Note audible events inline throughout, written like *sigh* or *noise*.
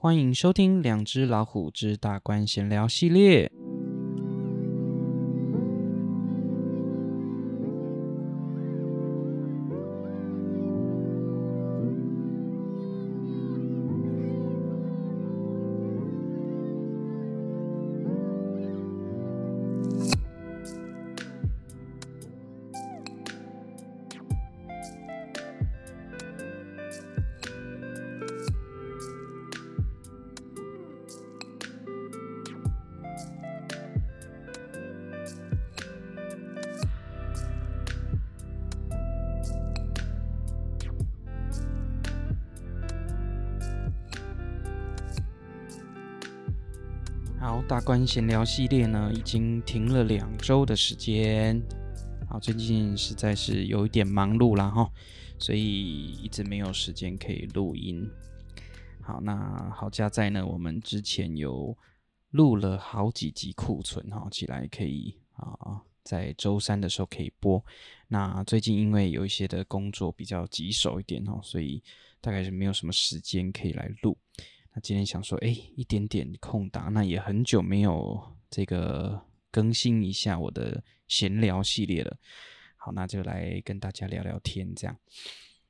歡迎收聽《兩隻老虎之大官閒聊》系列。官閒聊系列呢，已經停了兩周的時間。好，最近實在是有一點忙碌啦哈，所以一直沒有時間可以錄音。好，那好家在呢，我們之前有錄了好幾集庫存哈，起來可以啊，在周三的時候可以播。那最近因為有一些的工作比較棘手一點哈，所以大概是沒有什麼時間可以來錄。今天想說，哎、欸，一點點空檔，那也很久沒有這個更新一下我的閒聊系列了。好，那就來跟大家聊聊天。這樣，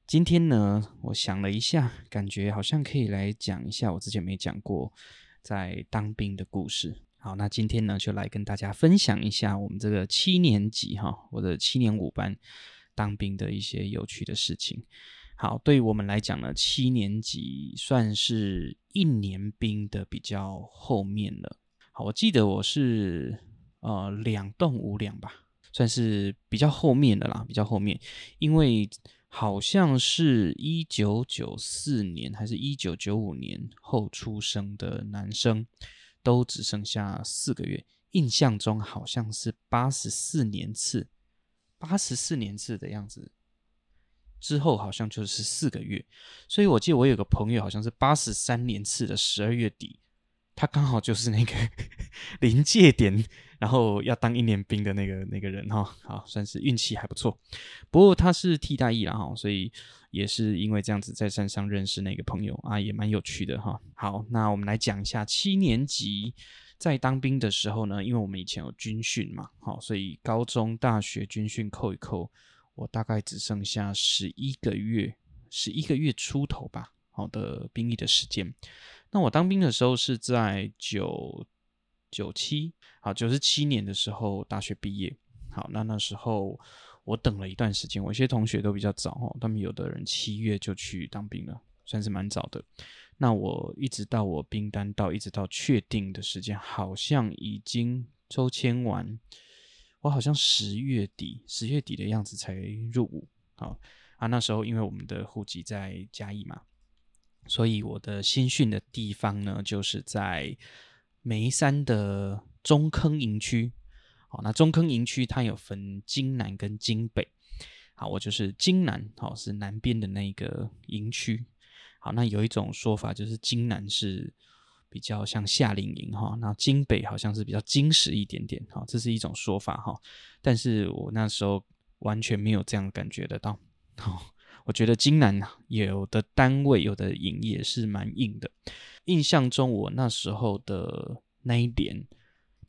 今天呢，我想了一下，感覺好像可以來講一下我之前沒講過在當兵的故事。好，那今天呢，就來跟大家分享一下我們這個七年級哈，我的七年五班當兵的一些有趣的事情。好，對於我們來講呢，七年級算是一年兵的比較後面了。好，我記得我是呃兩棟五兩吧，算是比較後面的啦，比較後面，因為好像是一九九四年還是一九九五年後出生的男生都只剩下四個月，印象中好像是八十四年次，八十四年次的樣子。之後好像就是四個月，所以我記得我有個朋友好像是八十三年次的十二月底，他剛好就是那個臨 *laughs* 界點，然後要當一年兵的那個那個人哈、哦，好，算是運氣還不錯。不過他是替代役了哈、哦，所以也是因為這樣子在山上認識那個朋友啊，也蠻有趣的哈、哦。好，那我們來講一下七年級在當兵的時候呢，因為我們以前有軍訓嘛，好、哦，所以高中、大學軍訓扣一扣，我大概只剩下十一個月，十一個月出頭吧。好的，兵役的時間。那我當兵的時候是在九九七，好，九十七年的時候大學畢業。好，那那時候我等了一段時間，我一些同學都比較早哦，他們有的人七月就去當兵了，算是蠻早的。那我一直到我兵單到，一直到確定的時間，好像已經抽簽完。我好像十月底，十月底的樣子才入伍。好啊，那時候因為我們的戶籍在嘉義嘛，所以我的新訓的地方呢，就是在梅山的中坑營區。好，那中坑營區它有分金南跟金北。好，我就是金南，好，是南邊的那個營區。好，那有一種說法就是金南是。比較像夏令營哈，那京北好像是比較精實一點點哈，這是一種說法哈。但是我那時候完全沒有這樣感覺得到。我覺得京南有的單位有的營也是蠻硬的。印象中我那時候的那一連，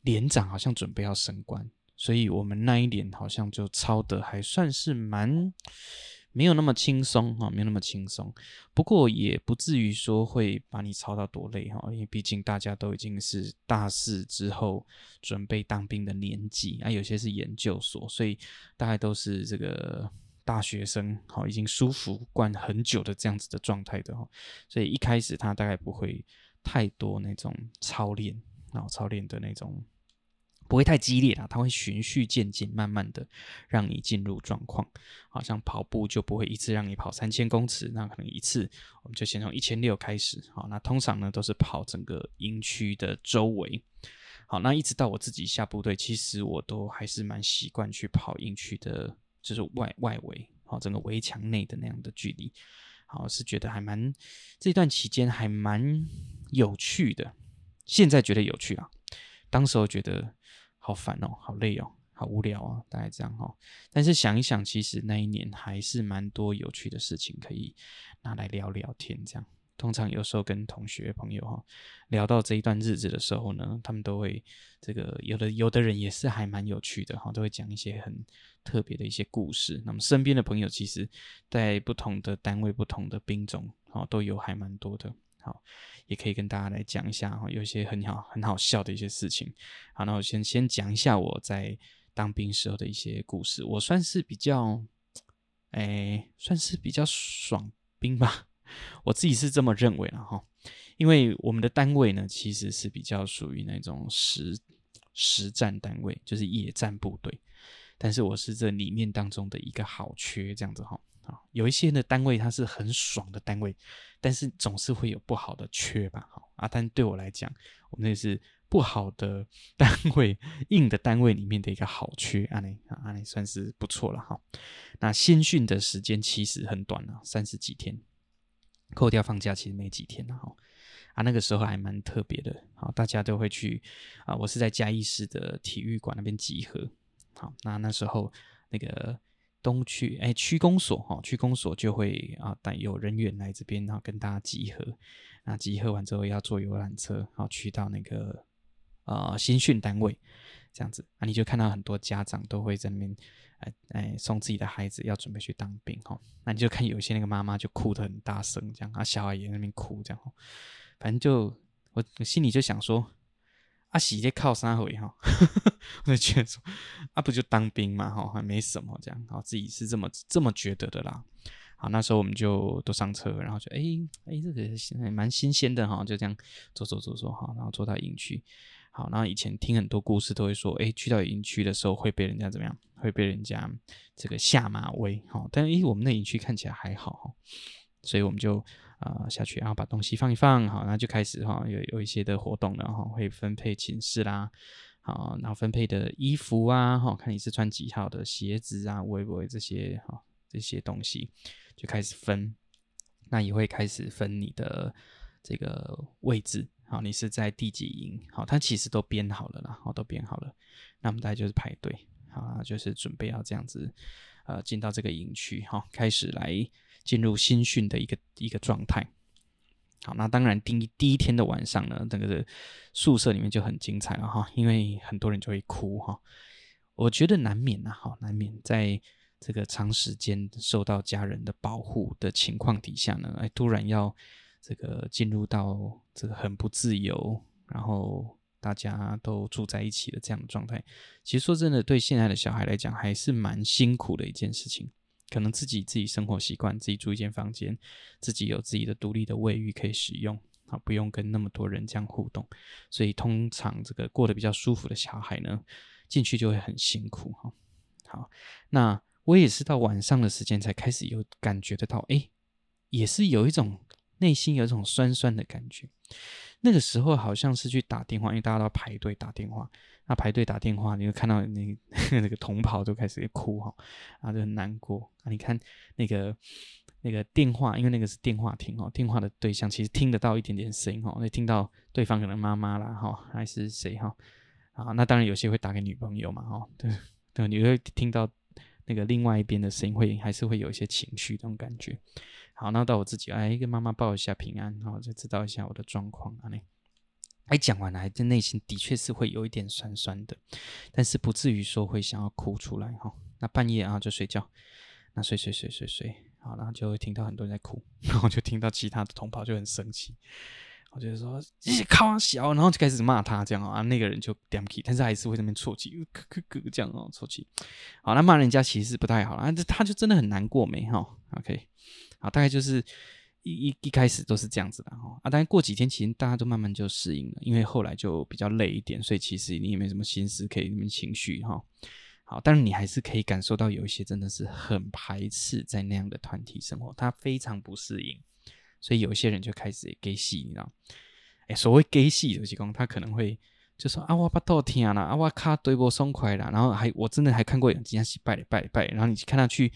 連長好像準備要升官，所以我們那一連好像就操得還算是蠻。沒有那麼輕鬆哈，沒有那麼輕鬆，不過也不至於說會把你操到多累哈，因為畢竟大家都已經是大四之後準備當兵的年紀啊，有些是研究所，所以大概都是這個大學生哈，已經舒服慣很久的這樣子的狀態的哈，所以一開始他大概不會太多那種操練，然後操練的那種。不會太激烈啦，它會循序漸進，慢慢的讓你進入狀況。好像跑步就不會一次讓你跑三千公尺，那可能一次我們就先從一千六開始。好，那通常呢都是跑整個營區的周圍。好，那一直到我自己下部隊，其實我都還是蠻習慣去跑營區的，就是外外圍，好，整個圍牆內的那樣的距離。好，是覺得還蠻這段期間還蠻有趣的。現在覺得有趣啊，當時候覺得。好煩哦，好累哦，好無聊啊、哦，大概這樣哦，但是想一想，其實，那一年還是蠻多有趣的事情可以拿來聊聊天這樣。通常有時候跟同學朋友哈、哦、聊到這一段日子的時候呢，他們都會這個有的有的人也是還蠻有趣的哈、哦，都會講一些很特別的一些故事。那麼身邊的朋友其實，在不同的單位、不同的兵種哦，都有還蠻多的。好，也可以跟大家來講一下哈，有一些很好很好笑的一些事情。好，那我先先講一下我在當兵時候的一些故事。我算是比較，哎、欸，算是比較爽兵吧，我自己是這麼認為的哈。因為我們的單位呢，其實是比較屬於那種實實戰單位，就是野戰部隊。但是我是這裡面當中的一個好缺，這樣子哈。有一些的單位它是很爽的單位，但是總是會有不好的缺吧，好啊！但對我來講，我們也是不好的單位，硬的單位裡面的一個好缺，阿雷啊，阿雷算是不錯了哈。那新訓的時間其實很短了，三十幾天，扣掉放假其實沒幾天了哈啊！那個時候還蠻特別的，好，大家都會去啊。我是在嘉義市的體育館那邊集合，好，那那時候那個。東區哎，區、欸、公所哈，區、哦、公所就會啊，有人員來這邊，然後跟大家集合。那集合完之後，要坐遊覽車，然、哦、後去到那個啊、呃、新訓單位，這樣子。那、啊、你就看到很多家長都會在那邊哎哎送自己的孩子要準備去當兵哈、哦。那你就看有些那個媽媽就哭得很大聲，這樣啊，小孩也在那邊哭這樣。反正就我心裡就想說，阿、啊、是在靠三小哈。哦 *laughs* 我就覺得說，啊，不就當兵嘛，哈，還沒什麼這樣，好，自己是這麼這麼覺得的啦。好，那時候我們就都上車，然後就，哎、欸，誒、欸，這個蠻新鮮的哈，就這樣，坐坐坐坐，好，然後坐到營區，好，然後以前聽很多故事都會說，哎、欸，去到營區的時候會被人家怎麼樣，會被人家這個下馬威，哈，但、欸、是，我們那營區看起來還好，所以我們就啊、呃、下去，然後把東西放一放，好，然後就開始哈，有有一些的活動，然後會分配寢室啦。好，然後分配的衣服啊，哈、哦，看你是穿幾號的鞋子啊，圍圍這些哈、哦，這些東西就開始分，那也會開始分你的這個位置，好、哦，你是在第幾營，好、哦，它其實都編好了啦，好、哦、都編好了，那麼大家就是排隊，啊，就是準備要這樣子，呃，進到這個營區，哈、哦，開始來進入新訓的一個一個狀態。好，那當然第一第一天的晚上呢，那個宿舍裡面就很精彩了哈，因為很多人就會哭哈。我覺得難免吶，好，難免在這個長時間受到家人的保護的情況底下呢，哎，突然要這個進入到這個很不自由，然後大家都住在一起的這樣的狀態。其實說真的，對現在的小孩來講，還是蠻辛苦的一件事情。可能自己自己生活習慣，自己住一間房間，自己有自己的獨立的衛浴可以使用，啊，不用跟那麼多人這樣互動，所以通常這個過得比較舒服的小孩呢，進去就會很辛苦哈。好，那我也是到晚上的時間才開始有感覺得到，哎、欸，也是有一種內心有一種酸酸的感覺。那個時候好像是去打電話，因為大家都要排隊打電話。那排隊打電話，你會看到那個同袍都開始哭哈，然後就很難過。啊，你看那個那個電話，因為那個是電話亭哈，電話的對象其實聽得到一點點聲音哈，會聽到對方可能媽媽啦哈，還是誰哈？啊，那當然有些會打給女朋友嘛哈，對對，你會聽到那個另外一邊的聲音，會還是會有一些情緒這種感覺。好，那到我自己哎，跟媽媽報一下平安，然後、哦、再知道一下我的狀況啊嘞。哎，講完了，這內心的確是會有一點酸酸的，但是不至於說會想要哭出來哈、哦。那半夜啊就睡覺，那睡睡睡睡睡，好，然後就會聽到很多人在哭，然後就聽到其他的同梯就很生氣，我就說，咦、欸，開玩笑，然後就開始罵他這樣、哦、啊，那個人就 damn key，但是還是會那邊啜泣，咯咯咯，這樣哦，啜泣。好，那罵人家其實是不太好啊，這他就真的很難過沒哈、哦？OK。啊，大概就是一一一開始都是這樣子的哈，啊，但是過幾天其實大家都慢慢就適應了，因為後來就比較累一點，所以其實你也沒什麼心思可以那麼情緒哈、哦。好，但是你還是可以感受到有一些真的是很排斥在那樣的團體生活，他非常不適應，所以有一些人就開始 gay 戲，你知道？欸、所謂 gay 戲，有些他可能會。就說啊，我不都聽了啊，我卡對不鬆快了。然後還我真的還看過，人家是拜了拜了拜了。然後你看他去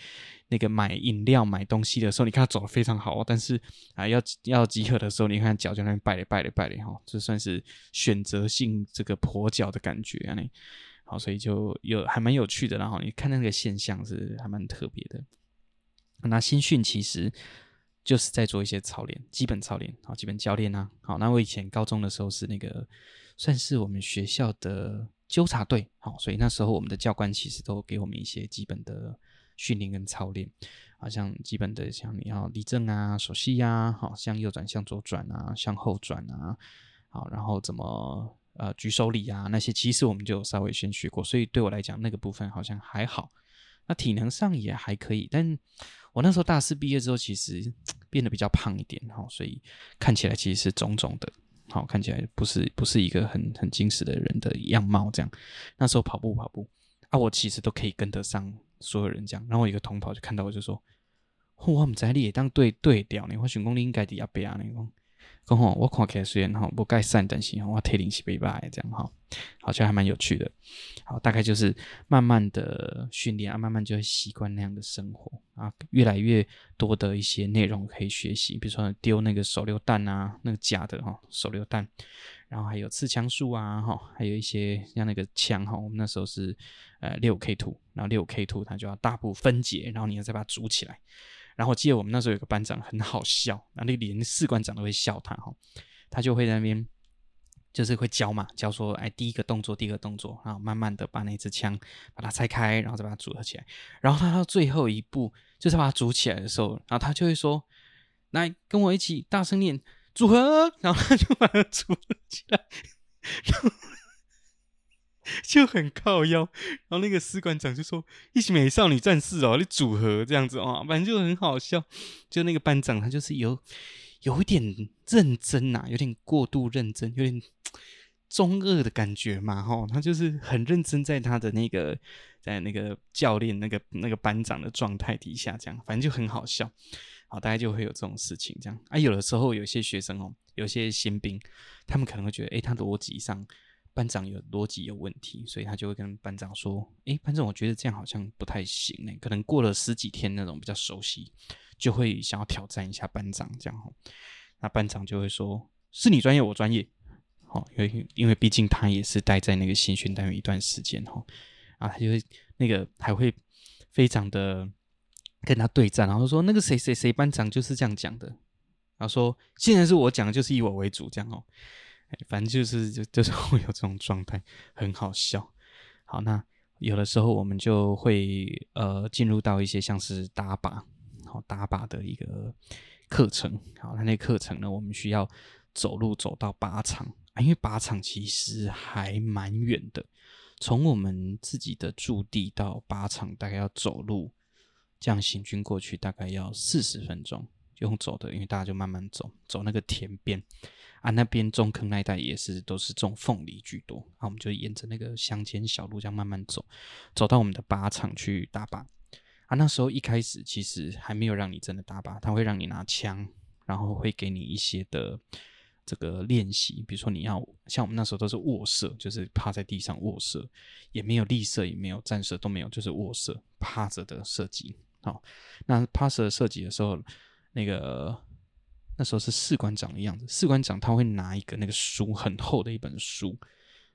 那個買飲料、買東西的時候，你看他走得非常好。但是啊，要要集合的時候，你看腳就在那邊拜了拜了拜了。哈，這算是選擇性這個跛腳的感覺啊。好，所以就有還蠻有趣的。然後你看那個現象是還蠻特別的。那新訓其實就是在做一些操練，基本操練啊、基本教練啊。好，那我以前高中的時候是那個。算是我們學校的糾察隊，哦，所以那時候我們的教官其實都給我們一些基本的訓練跟操練，好像基本的像你要立正啊、手息呀、啊，好，向右轉、向左轉啊、向後轉啊，好，然後怎麼呃舉手禮啊那些，其實我們就稍微先學過，所以對我來講那個部分好像還好，那體能上也還可以，但我那時候大四畢業之後，其實、呃、變得比較胖一點，好、哦，所以看起來其實是腫腫的。好，看起來不是不是一個很很精實的人的樣貌這樣，那時候跑步跑步啊，我其實都可以跟得上所有人這樣。然後我一個同袍就看到我就說，哦、我毋在你當對對調你，我選公你應該佇一百你講。跟吼，我看起來雖然哈，不蓋善擔心我退零七百八這樣哈，好像還蠻有趣的。好，大概就是慢慢的訓練啊，慢慢就會習慣那樣的生活啊。越來越多的一些內容可以學習，比如說丟那個手榴彈啊，那個假的哈手榴彈，然後還有刺槍術啊哈，還有一些像那個槍哈，我們那時候是呃六 K 2，然後六 K 2它就要大部分解，然後你要再把它組起來。然後我記得我們那時候有個班長很好笑，然後連士官長都會笑他哈，他就會在那邊，就是會教嘛，教說，哎，第一個動作，第一個動作，然後慢慢的把那支槍把它拆開，然後再把它組合起來，然後他到最後一步就是把它組起來的時候，然後他就會說，來跟我一起大聲念組合，然後他就把它組起來。然後 *laughs* 就很靠腰，然後那個士官長就說：“一起美少女戰士哦、喔，你組合這樣子哦。啊」反正就很好笑。”就那個班長，他就是有有一點認真吶、啊，有點過度認真，有點中二的感覺嘛，哈。他就是很認真，在他的那個，在那個教練那個那個班長的狀態底下，這樣反正就很好笑。好，大概就會有這種事情這樣啊。有的時候，有些學生哦、喔，有些新兵，他們可能會覺得，哎、欸，他邏輯上。班長有邏輯有問題，所以他就會跟班長說：“哎、欸，班長，我覺得這樣好像不太行呢，可能過了十幾天那種比較熟悉，就會想要挑戰一下班長這樣。那班長就會說：是你專業，我專業。好，因為因為畢竟他也是待在那個新訓單位一段時間吼，啊，他就會那個還會非常的跟他對戰，然後說那個誰誰誰班長就是這樣講的，然後說既然是我講，就是以我為主這樣哦。”反正就是就是會有這種狀態，很好笑。好，那有的時候我們就會呃進入到一些像是打靶，好，打靶的一個課程。好，那那個課程呢，我們需要走路走到靶場，因為靶場其實還蠻遠的，從我們自己的駐地到靶場大概要走路這樣行軍過去，大概要四十分鐘用走的，因為大家就慢慢走，走那個田邊。啊，那邊中坑那一帶也是都是種鳳梨居多。啊，我們就沿着那個鄉間小路這樣慢慢走，走到我們的靶場去打靶。啊，那時候一開始其實還沒有讓你真的打靶，他會讓你拿槍，然後會給你一些的這個練習，比如說你要像我們那時候都是臥射，就是趴在地上臥射，也沒有立射，也沒有站射，都沒有，就是臥射趴着的射擊。好，哦，那趴着的射擊的時候，那個。那時候是士官長的樣子，士官長他會拿一個那個書很厚的一本書，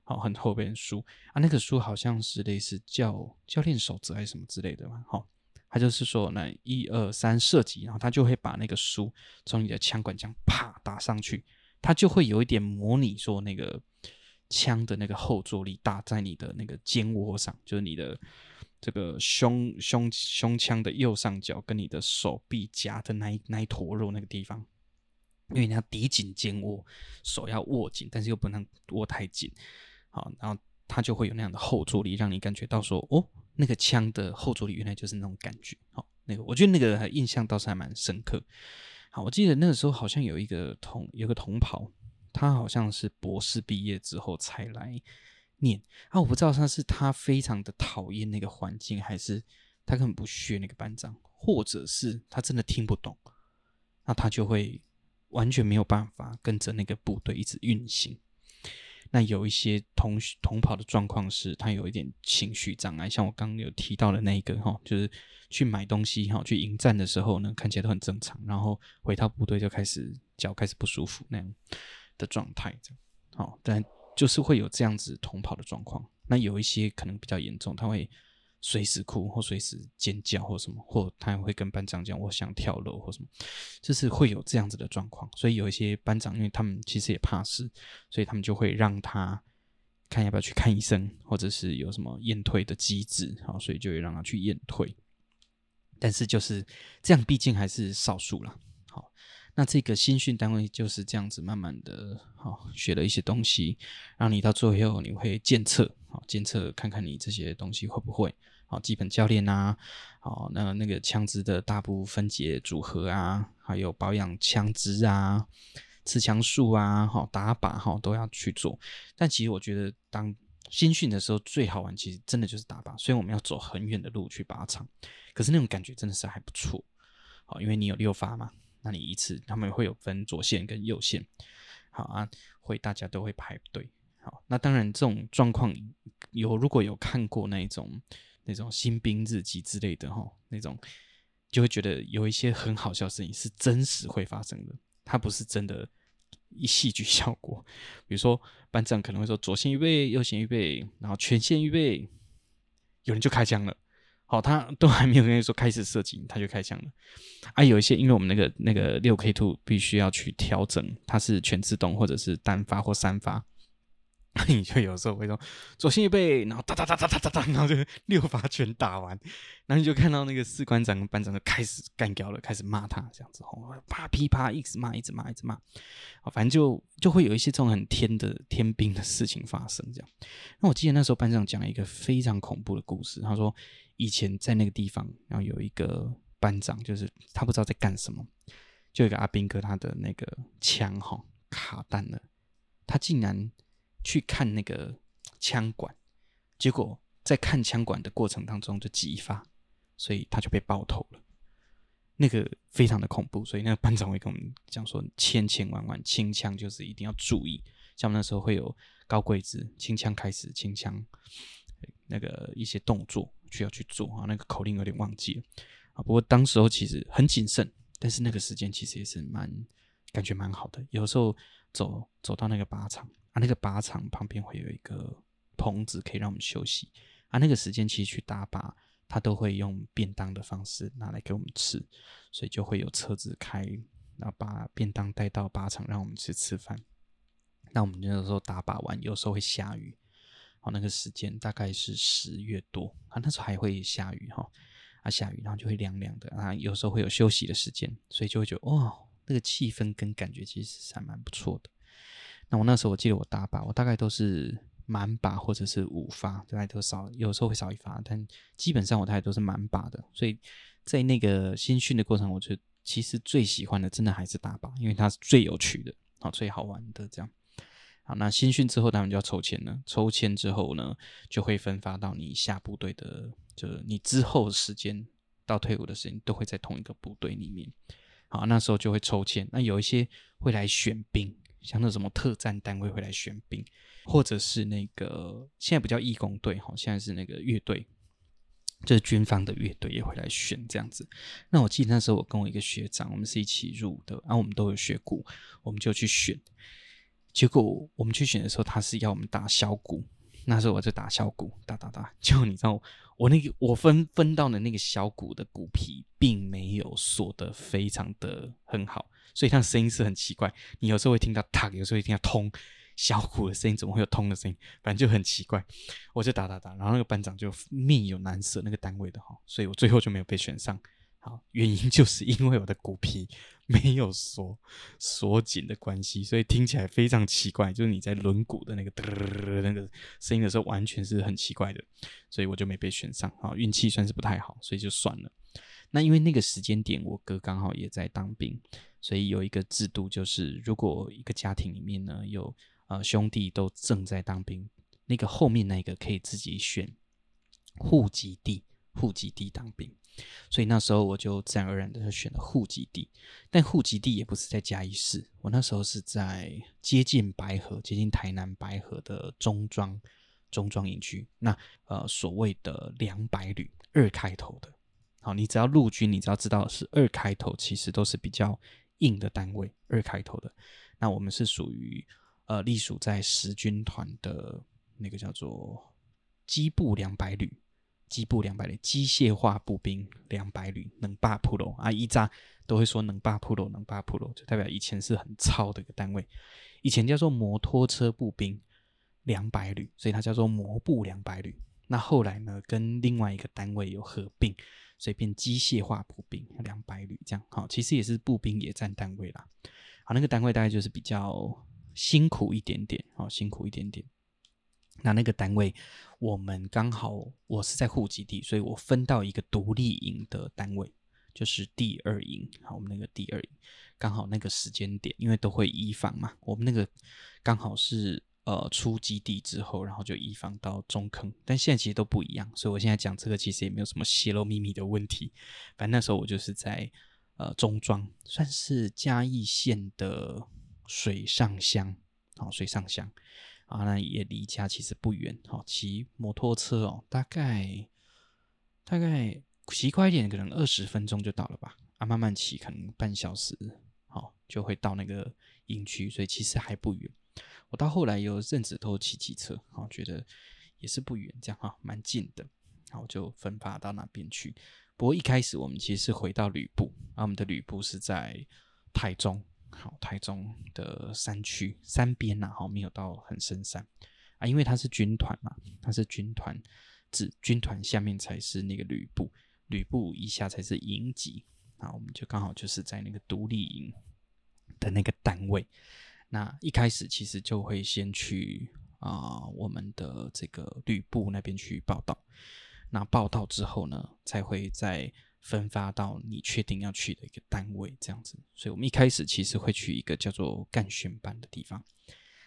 好、哦、很厚一本書啊，那個書好像是類似教教練手冊還是什麼之類的嘛，好、哦，他就是說那一二三射擊，然後他就會把那個書從你的槍管這樣啪打上去，他就會有一點模擬說那個槍的那個後坐力打在你的那個肩窩上，就是你的這個胸胸胸腔腔的右上角跟你的手臂夾的那一那一坨肉那個地方。因為你要抵緊肩窩，手要握緊，但是又不能握太緊，好，然後它就會有那樣的後坐力，讓你感覺到說，哦，那個槍的後坐力原來就是那種感覺，好，那個我覺得那個印象倒是還蠻深刻。好，我記得那個時候好像有一個同有個同袍，他好像是博士畢業之後才來念啊，我不知道他是他非常的討厭那個環境，還是他根本不屑那個班長，或者是他真的聽不懂，那他就會。完全沒有辦法跟着那個部隊一直運行。那有一些同同跑的狀況是，他有一點情緒障礙，像我剛有提到的那一個哈，就是去買東西哈，去營站的時候呢，看起來都很正常，然後回到部隊就開始腳開始不舒服那樣的狀態，好，但就是會有這樣子同跑的狀況。那有一些可能比較嚴重，他會。隨時哭或隨時尖叫或什麼，或他也會跟班長講，我想跳樓或什麼，就是會有這樣子的狀況。所以有一些班長，因為他們其實也怕死，所以他們就會讓他看要不要去看醫生，或者是有什麼驗退的機制啊，所以就會讓他去驗退。但是就是這樣，畢竟還是少數了。好，那這個新訓單位就是這樣子，慢慢的，好學了一些東西，讓你到最後你會監測，好監測看看你這些東西會不會。好，基本教練啊，好，那那個槍支的大部分解組合啊，還有保養槍支啊，刺槍術啊，好，打靶哈都要去做。但其實我覺得當新訓的時候最好玩，其實真的就是打靶，所以我們要走很遠的路去靶場。可是那種感覺真的是還不錯。好，因為你有六發嘛，那你一次他們會有分左線跟右線。好啊，會大家都會排隊。好，那當然這種狀況有如果有看過那一種，那種新兵日記之類的吼，那種就會覺得有一些很好笑的事情是真實會發生的，它不是真的一戲劇效果。比如說班長可能會說左線預備，右線預備，然後全線預備，有人就開槍了。好，他都還沒有跟你說開始射擊，他就開槍了。啊，有一些因為我們那個那個六 K two 必須要去調整，它是全自動或者是單發或三發。那 *laughs* 你就有時候會說，左心一背，然後噠噠噠噠噠噠，然後就六發全打完。然後你就看到那個士官長跟班長就開始幹掉了，開始罵他這樣子，啪噼啪，啪一直罵，一直罵，一直罵。反正就就會有一些這種很天的天兵的事情發生這樣。那我記得那時候班長講了一個非常恐怖的故事，他說以前在那個地方，然後有一個班長，就是他不知道在幹什麼，就有一個阿兵哥他的那個槍哈、哦、卡彈了，他竟然。去看那個槍管，結果在看槍管的過程當中就擊發，所以他就被爆頭了。那個非常的恐怖，所以那個班長會跟我們講說，千千萬萬清槍就是一定要注意。像我們那時候會有高櫃子清槍開始，清槍那個一些動作需要去做啊，那個口令有點忘記了。不過當時候其實很謹慎，但是那個時間其實也是蠻感覺蠻好的。有的時候走走到那個靶場。啊，那個靶場旁邊會有一個棚子，可以讓我們休息。啊，那個時間其實去打靶，他都會用便當的方式拿來給我們吃，所以就會有車子開，然後把便當帶到靶場讓我們去吃，吃飯。那我們那時候打靶完，有時候會下雨，哦，那個時間大概是十月多啊，那時候還會下雨哈、哦，啊，下雨然後就會涼涼的啊，有時候會有休息的時間，所以就會覺得哦，那個氣氛跟感覺其實是還蠻不錯的。那我那時候我記得我打靶，我大概都是滿靶或者是五發，大概都少，有時候會少一發，但基本上我大概都是滿靶的。所以在那個新訓的過程，我就其實最喜歡的真的還是打靶，因為它是最有趣的啊，最好玩的這樣。好，那新訓之後當然就要抽籤了，抽籤之後呢，就會分發到你下部隊的，就是你之後的時間到退伍的時間都會在同一個部隊裡面。好，那時候就會抽籤，那有一些會來選兵。像那什麼特戰單位會來選兵，或者是那個現在不叫義工隊哈，現在是那個樂隊，就是軍方的樂隊也會來選這樣子。那我記得那時候我跟我一個學長，我們是一起入的，然後我們都有學鼓，我們就去選。結果我們去選的時候，他是要我們打小鼓，那時候我就打小鼓，打打打，就你知道。我那個我分分到的那個小鼓的鼓皮，並沒有鎖得非常的很好，所以它的聲音是很奇怪。你有時候會聽到打，有時候會聽到通，小鼓的聲音怎麼會有通的聲音？反正就很奇怪。我就打打打，然後那個班長就面有難色，那個單位的哈，所以我最後就沒有被選上。好，原因就是因為我的鼓皮沒有鎖鎖緊的關係，所以聽起來非常奇怪。就是你在輪鼓的那個噠噠噠噠的那個聲音的時候，完全是很奇怪的，所以我就沒被選上。啊，運氣算是不太好，所以就算了。那因為那個時間點，我哥剛好也在當兵，所以有一個制度，就是如果一個家庭裡面呢，有呃兄弟都正在當兵，那個後面那個可以自己選戶籍地，戶籍地當兵，所以那時候我就自然而然的就選了戶籍地。但戶籍地也不是在嘉義市，我那時候是在接近白河、接近台南白河的中莊中莊營區。那呃，所謂的兩百旅二開頭的，好，你只要陸軍，你只要知道是二開頭，其實都是比較硬的單位。二開頭的，那我們是屬於呃，隸屬在十軍團的那個叫做機步兩百旅。機步兩百旅，機械化步兵兩百旅，能霸 PRO 啊，一扎都會說能霸 PRO，能霸 PRO，就代表以前是很糙的一個單位，以前叫做摩托車步兵兩百旅，所以它叫做摩步兩百旅。那後來呢，跟另外一個單位有合併，所以變機械化步兵兩百旅，這樣好、哦，其實也是步兵野戰單位啦。好，那個單位大概就是比較辛苦一點點，好、哦，辛苦一點點。那那個單位，我們剛好我是在戶籍地，所以我分到一個獨立營的單位，就是第二營。好，我們那個第二營，剛好那個時間點，因為都會移防嘛，我們那個剛好是呃出基地之後，然後就移防到中坑。但現在其實都不一樣，所以我現在講這個其實也沒有什麼泄露秘密的問題。反正那時候我就是在呃中莊，算是嘉義縣的水上鄉。好，水上鄉。啊，那也離家其實不遠哈，騎、哦、摩托車哦，大概大概騎快一點，可能二十分鐘就到了吧。啊，慢慢騎可能半小時，好、哦、就會到那個營區，所以其實還不遠。我到後來有陣子都騎機車，啊、哦，覺得也是不遠，這樣哈，蠻、哦、近的。然後就分發到那邊去。不過一開始我們其實是回到旅部，啊，我們的旅部是在台中。好，台中的山區山邊呐、啊，好，沒有到很深山啊，因為它是軍團嘛，它是軍團，指軍團下面才是那個旅部，旅部以下才是營級啊，我們就剛好就是在那個獨立營的那個單位，那一開始其實就會先去啊、呃、我們的這個旅部那邊去報到，那報到之後呢，才會在。分發到你確定要去的一個單位，這樣子。所以我們一開始其實會去一個叫做幹訓班的地方。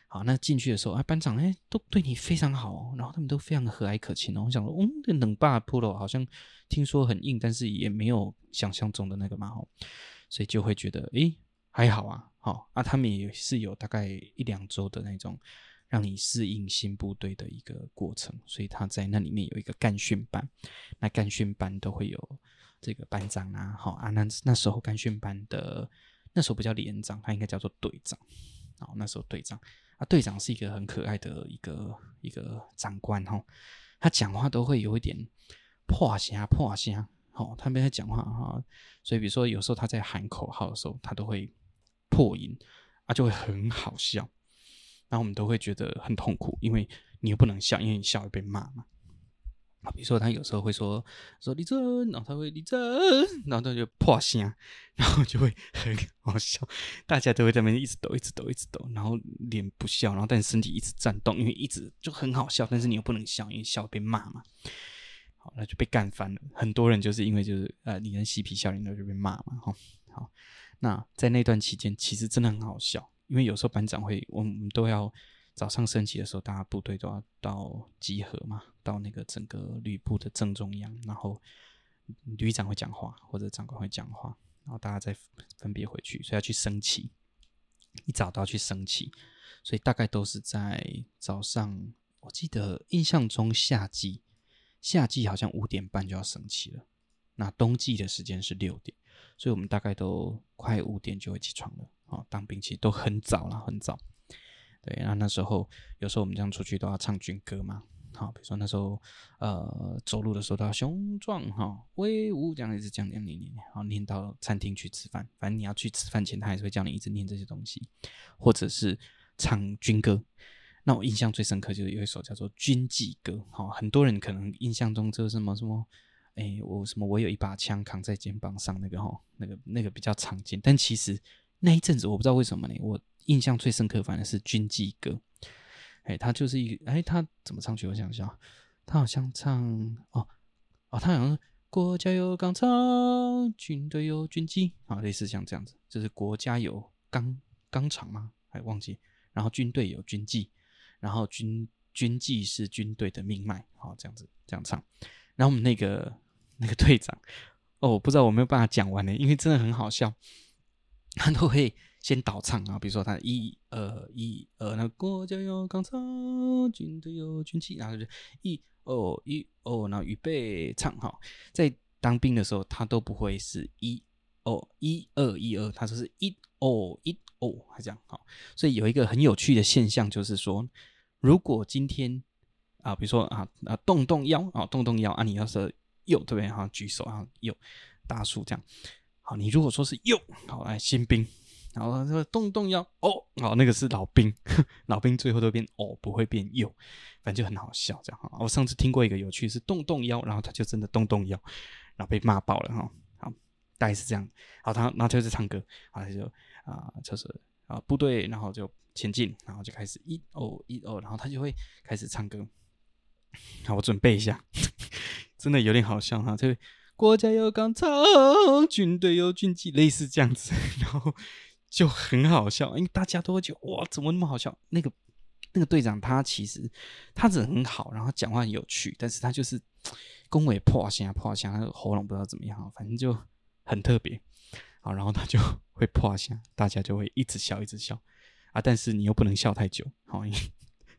好，那進去的時候，哎、啊，班長，哎、欸，都對你非常好、哦，然後他們都非常和藹可親、哦。然後我想說，嗯，冷霸鋪羅好像聽說很硬，但是也沒有想象中的那個嘛哦，所以就會覺得，哎、欸，還好啊，好、哦、啊。他們也是有大概一兩周的那種讓你適應新部隊的一個過程。所以他在那裡面有一個幹訓班，那幹訓班都會有。這個班長啊，好啊，那那時候幹訓班的那時候不叫連長，他應該叫做隊長。好，那時候隊長啊，隊長是一個很可愛的一個一個長官哦，他講話都會有一點破音破音啊。好、哦，他沒在講話哈、哦，所以比如說有時候他在喊口號的時候，他都會破音，啊就會很好笑。然後我們都會覺得很痛苦，因為你又不能笑，因為你笑會被罵嘛。比如說他有時候會說，說立正，然後他會立正，然後他就破聲，然後就會很好笑，大家都會在那邊一直抖，一直抖，一直抖，然後臉不笑，然後但是身體一直顫動，因為一直就很好笑，但是你又不能笑，因為笑被罵嘛。好，那就被幹翻了。很多人就是因為就是呃，你跟嬉皮笑臉的就被罵嘛。哈、哦，好，那在那段期間，其實真的很好笑，因為有時候班長會，我們都要。早上升旗的時候，大家部隊都要到集合嘛，到那個整個旅部的正中央，然後旅長會講話，或者長官會講話，然後大家再分別回去。所以要去升旗，一早都要去升旗，所以大概都是在早上。我記得印象中夏季，夏季好像五點半就要升旗了，那冬季的時間是六點，所以我們大概都快五點就會起床了啊、哦。當兵其實都很早了，很早。對，那那時候有時候我們這樣出去都要唱軍歌嘛，好、哦，比如說那時候呃走路的時候都要雄壯哈、哦、威武這樣一直這樣念念，然後念到餐廳去吃飯，反正你要去吃飯前他還是會叫你一直念這些東西，或者是唱軍歌。那我印象最深刻就是有一首叫做《軍紀歌》哈、哦，很多人可能印象中這什麼什麼，哎我什麼我有一把槍扛在肩膀上那個哈、哦、那個那個比較常見，但其實那一陣子我不知道為什麼呢我。印象最深刻反而是軍紀歌，哎，他就是一個哎，他、欸、怎麼唱學，我想一下，他好像唱哦哦，他、哦、好像是國家有鋼廠，軍隊有軍紀，啊，類似像這樣子，就是國家有鋼鋼廠嗎？哎，忘記。然後軍隊有軍紀，然後軍軍紀是軍隊的命脈，好這樣子這樣唱。然後我們那個那個隊長，哦，我不知道，我沒有辦法講完呢、欸，因為真的很好笑，他都會。先導唱啊，比如說他一二一二，那國家有鋼槍，軍隊有軍旗，然後就一二、哦、一二、哦，然後預備唱好。在當兵的時候，他都不會是一、哦、一二一二一二，他就是一二、哦、一哦，還這樣好。所以有一個很有趣的現象，就是說，如果今天啊，比如說啊啊，動動腰啊，動動腰啊，你要是右這邊哈，舉手啊，右大樹這樣好，你如果說是右好，來新兵。然後他說，洞洞幺，哦，好，那個是老兵，老兵最後都變哦，不會變又，反正就很好笑這樣。我、哦、上次聽過一個有趣是洞洞幺，然後他就真的洞洞幺，然後被罵爆了哈、哦。好，大概是這樣。好，他然後就是唱歌，他就啊、呃、就是啊部隊，然後就前進，然後就開始一哦一哦，然後他就會開始唱歌。好，我準備一下呵呵，真的有點好笑哈。就國家有鋼槍，軍隊有軍紀，類似這樣子，然後。就很好笑，因為大家都會覺得哇，怎麼那麼好笑？那個那個隊長他其實他人很好，然後講話很有趣，但是他就是恭維破響破響，那個喉嚨不知道怎麼樣，反正就很特別。好，然後他就會破響，大家就會一直笑一直笑啊，但是你又不能笑太久，好、哦，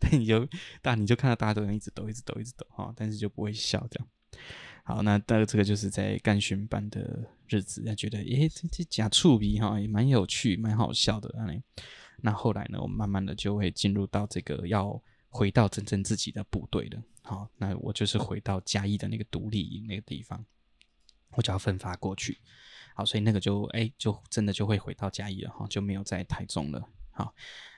但你就但你就看到大家都在一直抖一直抖一直抖啊、哦，但是就不會笑這樣。好，那那這個就是在幹訓班的日子，那覺得，誒、欸、這這假醋鼻哈，也蠻有趣，蠻好笑的。那那後來呢，我們慢慢的就會進入到這個要回到真正自己的部隊了。好，那我就是回到嘉義的那個獨立營那個地方，我就要分發過去。好，所以那個就，誒、欸，就真的就會回到嘉義了哈，就沒有在台中了。好，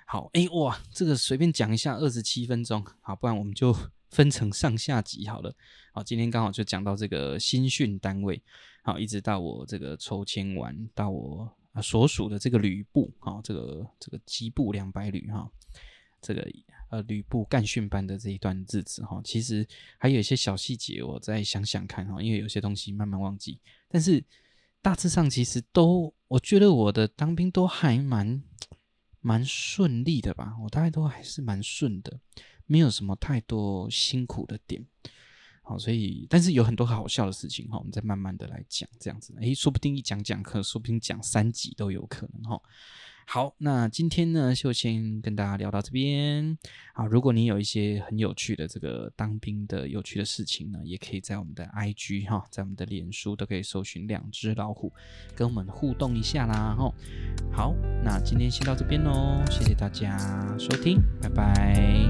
好，誒、欸，哇，這個隨便講一下二十七分鐘，好，不然我們就。分成上下集好了，好，今天剛好就講到這個新訓單位，好，一直到我這個抽簽完，到我啊所屬的這個旅部啊、哦，這個這個機步兩百旅哈、哦，這個呃旅部幹訓班的這一段日子哈、哦，其實還有一些小細節，我再想想看哈、哦，因為有些東西慢慢忘記，但是大致上其實都，我覺得我的當兵都還蠻蠻順利的吧，我大概都還是蠻順的。沒有什麼太多辛苦的點，好，所以但是有很多好笑的事情哈，我們再慢慢的來講，這樣子，誒，說不定一講講課，說不定講三集都有可能哈。好，那今天呢就先跟大家聊到這邊。好，如果你有一些很有趣的這個當兵的有趣的事情呢，也可以在我們的 I G 哈，在我們的臉書都可以搜尋兩隻老虎，跟我們互動一下啦。好，那今天先到這邊嘍，謝謝大家收聽，拜拜。